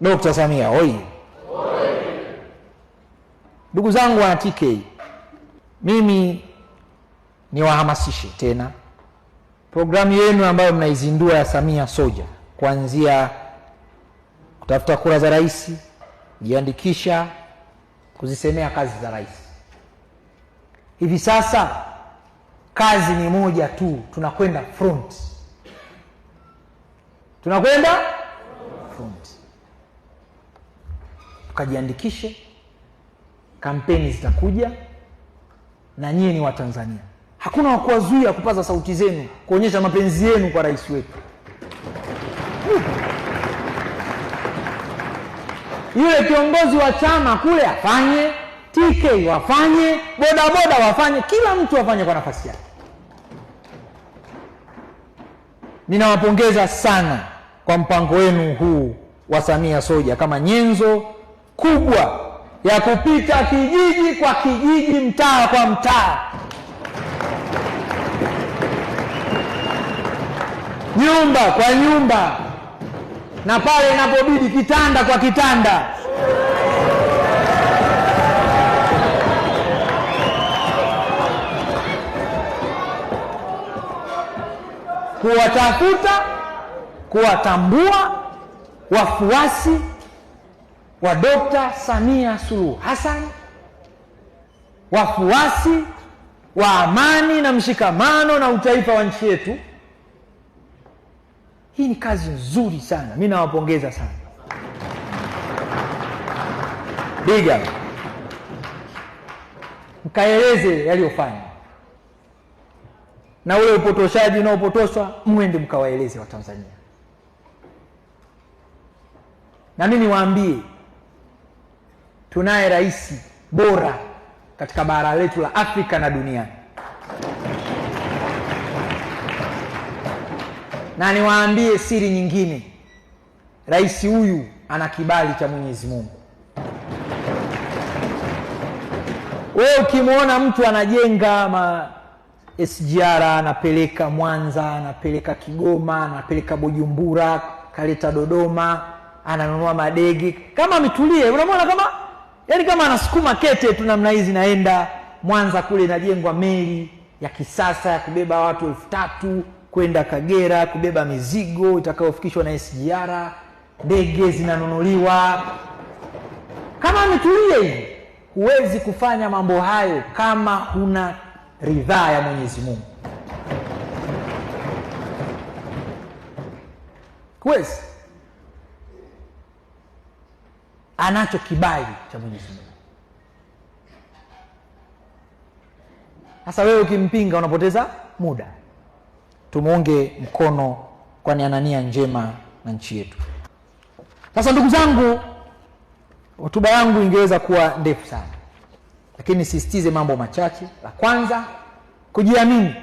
dokta Samia oi! Ndugu zangu wana TK, mimi niwahamasishe tena programu yenu ambayo mnaizindua ya Samia Soja, kuanzia kutafuta kura za rais, kujiandikisha, kuzisemea kazi za rais. Hivi sasa kazi ni moja tu, tunakwenda front, tunakwenda tukajiandikishe Kampeni zitakuja na nyie ni Watanzania, hakuna wakuwazuia kupaza sauti zenu, kuonyesha mapenzi yenu kwa rais wetu. Yule kiongozi wa chama kule afanye, TK wafanye, bodaboda wafanye, kila mtu afanye kwa nafasi yake. Ninawapongeza sana kwa mpango wenu huu wa Samia Soja kama nyenzo kubwa ya kupita kijiji kwa kijiji, mtaa kwa mtaa, nyumba kwa nyumba, na pale inapobidi kitanda kwa kitanda. kuwatafuta kuwatambua wafuasi wa Dokta Samia Suluhu Hassan, wafuasi wa amani na mshikamano na utaifa wa nchi yetu. Hii ni kazi nzuri sana, mimi nawapongeza sana biga, mkaeleze yaliyofanya na ule upotoshaji unaopotoshwa mwende mkawaeleze Watanzania, na mimi niwaambie tunaye rais bora katika bara letu la Afrika na duniani, na niwaambie siri nyingine, rais huyu ana kibali cha Mwenyezi Mungu. Wewe ukimwona mtu anajenga ma SGR anapeleka Mwanza, anapeleka Kigoma, anapeleka Bujumbura, kaleta Dodoma, ananunua madege, kama ametulie, unamwona kama yaani kama anasukuma kete tu namna hizi, naenda Mwanza kule inajengwa meli ya kisasa ya kubeba watu elfu tatu kwenda Kagera kubeba mizigo itakayofikishwa na SGR, ndege zinanunuliwa. Kama nitulie hivi, huwezi kufanya mambo hayo kama huna ridhaa ya Mwenyezi Mungu, huwezi anacho kibali cha Mwenyezi Mungu. Sasa wewe ukimpinga unapoteza muda. Tumuunge mkono, kwani nianania njema na nchi yetu. Sasa ndugu zangu, hotuba yangu ingeweza kuwa ndefu sana, lakini sistize mambo machache. La kwanza, kujiamini.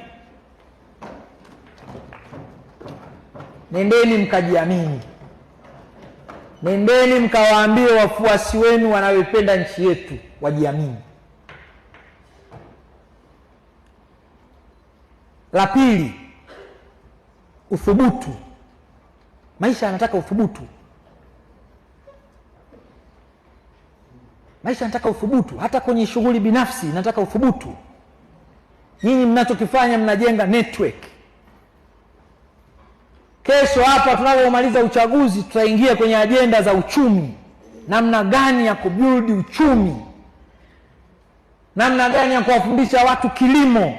Nendeni mkajiamini nendeni mkawaambie wafuasi wenu wanayoipenda nchi yetu wajiamini. La pili, uthubutu. Maisha yanataka uthubutu, maisha yanataka uthubutu. Hata kwenye shughuli binafsi inataka uthubutu. Nyinyi mnachokifanya mnajenga network Kesho hapa tunapomaliza uchaguzi, tutaingia kwenye ajenda za uchumi, namna gani ya kubuild uchumi, namna gani ya kuwafundisha watu kilimo,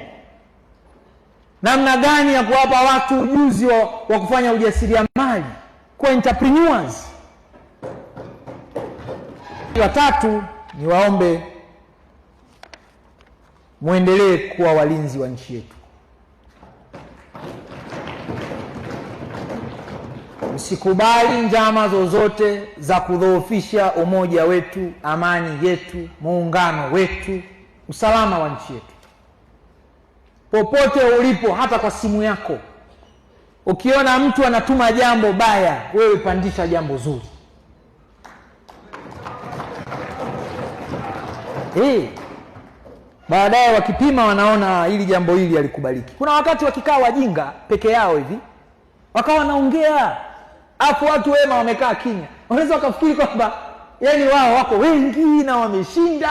namna gani ya kuwapa watu ujuzi wa, wa kufanya ujasiriamali kwa entrepreneurs. Watatu, niwaombe mwendelee kuwa walinzi wa nchi yetu. Msikubali njama zozote za kudhoofisha umoja wetu, amani yetu, muungano wetu, usalama wa nchi yetu. Popote ulipo, hata kwa simu yako, ukiona mtu anatuma jambo baya, wewe pandisha jambo zuri. Hey, eh, baadaye wakipima wanaona hili jambo hili halikubaliki. Kuna wakati wakikaa wajinga peke yao hivi, wakawa wanaongea Afu watu wema wamekaa kimya, wanaweza wakafikiri kwamba yani wao wako wengi na wameshinda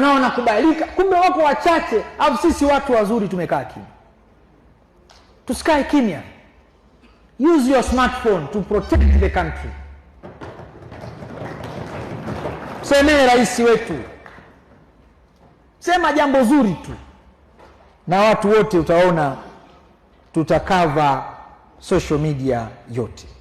na wanakubalika, kumbe wako wachache, afu sisi watu wazuri tumekaa kimya. Tusikae kimya. Use your smartphone to protect the country. Semee rais wetu, sema jambo zuri tu, na watu wote utaona tutakava social media yote.